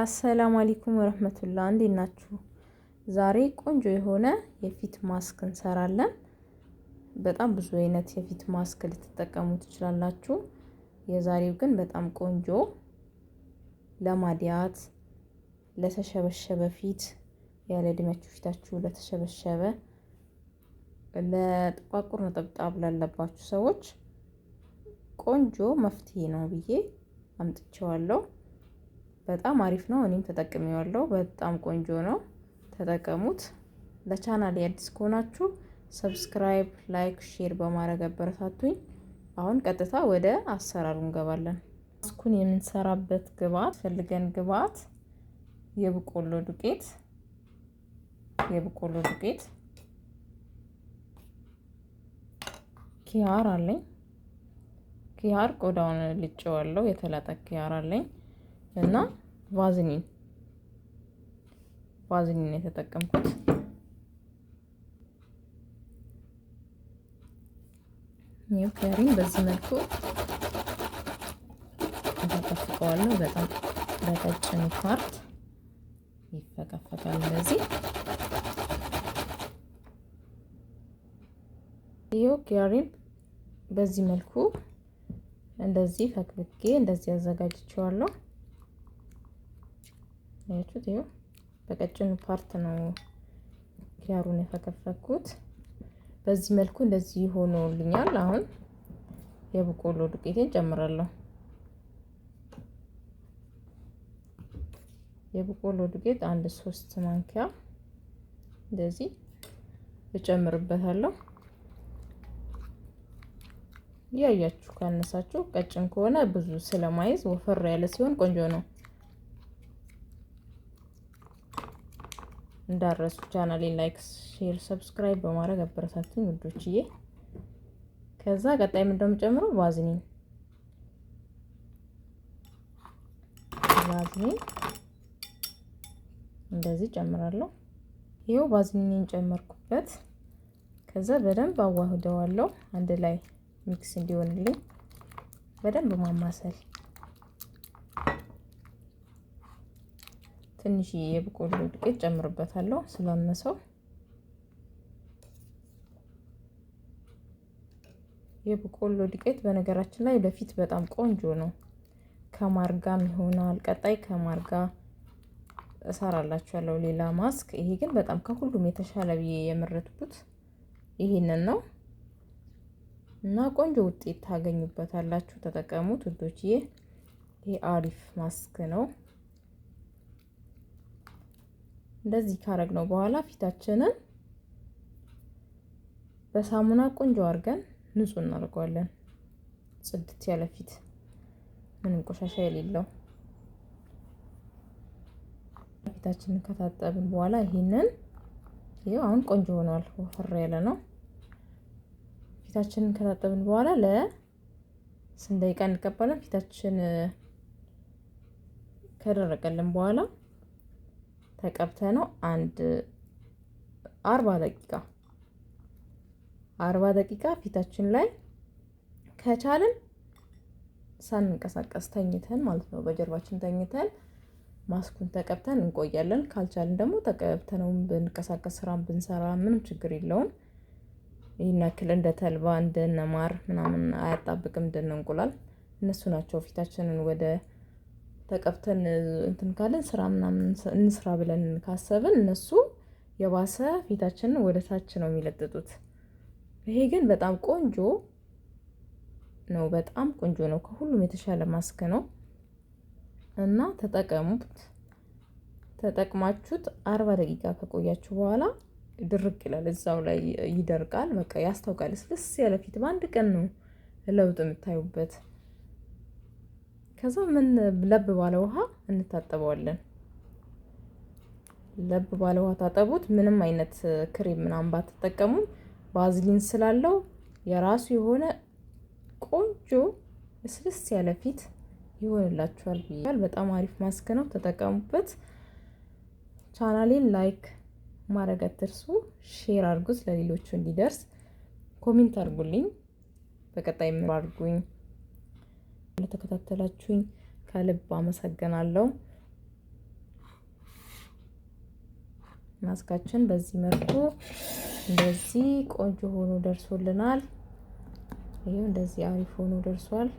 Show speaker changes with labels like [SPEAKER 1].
[SPEAKER 1] አሰላሙ አለይኩም ወረህመቱላ እንዴት ናችሁ? ዛሬ ቆንጆ የሆነ የፊት ማስክ እንሰራለን። በጣም ብዙ አይነት የፊት ማስክ ልትጠቀሙ ትችላላችሁ። የዛሬው ግን በጣም ቆንጆ ለማዲያት፣ ለተሸበሸበ ፊት ያለ እድሜያችሁ ፊታችሁ ለተሸበሸበ፣ ለጥቋቁር ነጠብጣብ ላለባችሁ ሰዎች ቆንጆ መፍትሄ ነው ብዬ አምጥቼዋለሁ። በጣም አሪፍ ነው። እኔም ተጠቅሜዋለሁ። በጣም ቆንጆ ነው። ተጠቀሙት። ለቻናል አዲስ ከሆናችሁ ሰብስክራይብ፣ ላይክ፣ ሼር በማድረግ አበረታቱኝ። አሁን ቀጥታ ወደ አሰራሩ እንገባለን። ማስኩን የምንሰራበት ግብአት ፈልገን ግብአት የበቆሎ ዱቄት የበቆሎ ዱቄት ኪያር አለኝ። ኪያር ቆዳውን ልጬዋለሁ። የተላጠ ኪያር አለኝ። እና ቫዝሊን ቫዝሊን የተጠቀምኩት ይህ ክሪም በዚህ መልኩ ተፈቀዋለሁ። በጣም በቀጭኑ ፓርት ይፈቀፈቃል። እንደዚህ ይህ ክሪም በዚህ መልኩ እንደዚህ ፈቅብቄ እንደዚህ አዘጋጅቼዋለሁ። አያችሁት? ይኸው በቀጭኑ ፓርት ነው ኪያሩን የፈከፈኩት። በዚህ መልኩ እንደዚህ ሆኖልኛል። አሁን የበቆሎ ዱቄቴን ጨምራለሁ። የበቆሎ ዱቄት አንድ ሶስት ማንኪያ እንደዚህ እጨምርበታለሁ። እያያችሁ ካነሳችሁ፣ ቀጭን ከሆነ ብዙ ስለማይዝ ወፈር ያለ ሲሆን ቆንጆ ነው። እንዳረሱ ቻናሌን ላይክ፣ ሼር፣ ሰብስክራይብ በማድረግ አበረታቱኝ ውዶችዬ። ከዛ ቀጣይም እንደምጨምረው ቫዝሊን ቫዝሊን እንደዚህ ጨምራለሁ። ይሄው ቫዝሊንን ጨመርኩበት። ከዛ በደንብ አዋህደዋለሁ አንድ ላይ ሚክስ እንዲሆንልኝ በደንብ ማማሰል ትንሽ የበቆሎ ዱቄት ጨምርበታለሁ ስላነሰው የበቆሎ ዱቄት በነገራችን ላይ በፊት በጣም ቆንጆ ነው። ከማርጋም ይሆናል። ቀጣይ ከማርጋ እሰራላችኋለሁ ሌላ ማስክ። ይሄ ግን በጣም ከሁሉም የተሻለ ብዬ የመረጥኩት ይሄንን ነው እና ቆንጆ ውጤት ታገኙበታላችሁ። ተጠቀሙት ውዶችዬ። ይሄ አሪፍ ማስክ ነው። እንደዚህ ካረግነው በኋላ ፊታችንን በሳሙና ቆንጆ አድርገን ንጹህ እናደርገዋለን። ጽድት ያለ ፊት ምንም ቆሻሻ የሌለው ፊታችንን ከታጠብን በኋላ ይሄንን ይኸው አሁን ቆንጆ ሆኗል። ወፈር ያለ ነው። ፊታችንን ከታጠብን በኋላ ለስንት ደቂቃ እንቀባለን። ፊታችን ከደረቀልን በኋላ ተቀብተ ነው አንድ አርባ ደቂቃ አርባ ደቂቃ ፊታችን ላይ ከቻልን ሳንንቀሳቀስ ተኝተን ማለት ነው። በጀርባችን ተኝተን ማስኩን ተቀብተን እንቆያለን። ካልቻልን ደግሞ ተቀብተነው ብንቀሳቀስ ስራ ብንሰራ ምንም ችግር የለውም። ይህን ያክል እንደ ተልባ እንደነማር ምናምን አያጣብቅም። እንደነ እንቁላል እነሱ ናቸው ፊታችንን ወደ ተቀብተን እንትን ካለን ስራ ምናምን እንስራ ብለን ካሰብን እነሱ የባሰ ፊታችንን ወደ ታች ነው የሚለጥጡት። ይሄ ግን በጣም ቆንጆ ነው፣ በጣም ቆንጆ ነው። ከሁሉም የተሻለ ማስክ ነው እና ተጠቀሙት። ተጠቅማችሁት አርባ ደቂቃ ከቆያችሁ በኋላ ድርቅ ይላል፣ እዛው ላይ ይደርቃል። በቃ ያስታውቃል። ስልስ ያለ ፊት በአንድ ቀን ነው ለውጥ የምታዩበት። ከዛ ምን ለብ ባለ ውሃ እንታጠበዋለን። ለብ ባለ ውሃ ታጠቡት። ምንም አይነት ክሬም ምናምን ባትጠቀሙ ባዝሊን ስላለው የራሱ የሆነ ቆንጆ እስልስ ያለ ፊት ይሆንላችኋል ብያል። በጣም አሪፍ ማስክ ነው፣ ተጠቀሙበት። ቻናሌን ላይክ ማድረግ አትርሱ፣ ሼር አድርጉት ለሌሎቹ እንዲደርስ። ኮሜንት አድርጉልኝ። በቀጣይ ምን አድርጉኝ ለተከታተላችሁኝ ከልብ አመሰግናለሁ። ማስካችን በዚህ መልኩ እንደዚህ ቆንጆ ሆኖ ደርሶልናል። ይሄው እንደዚህ አሪፍ ሆኖ ደርሷል።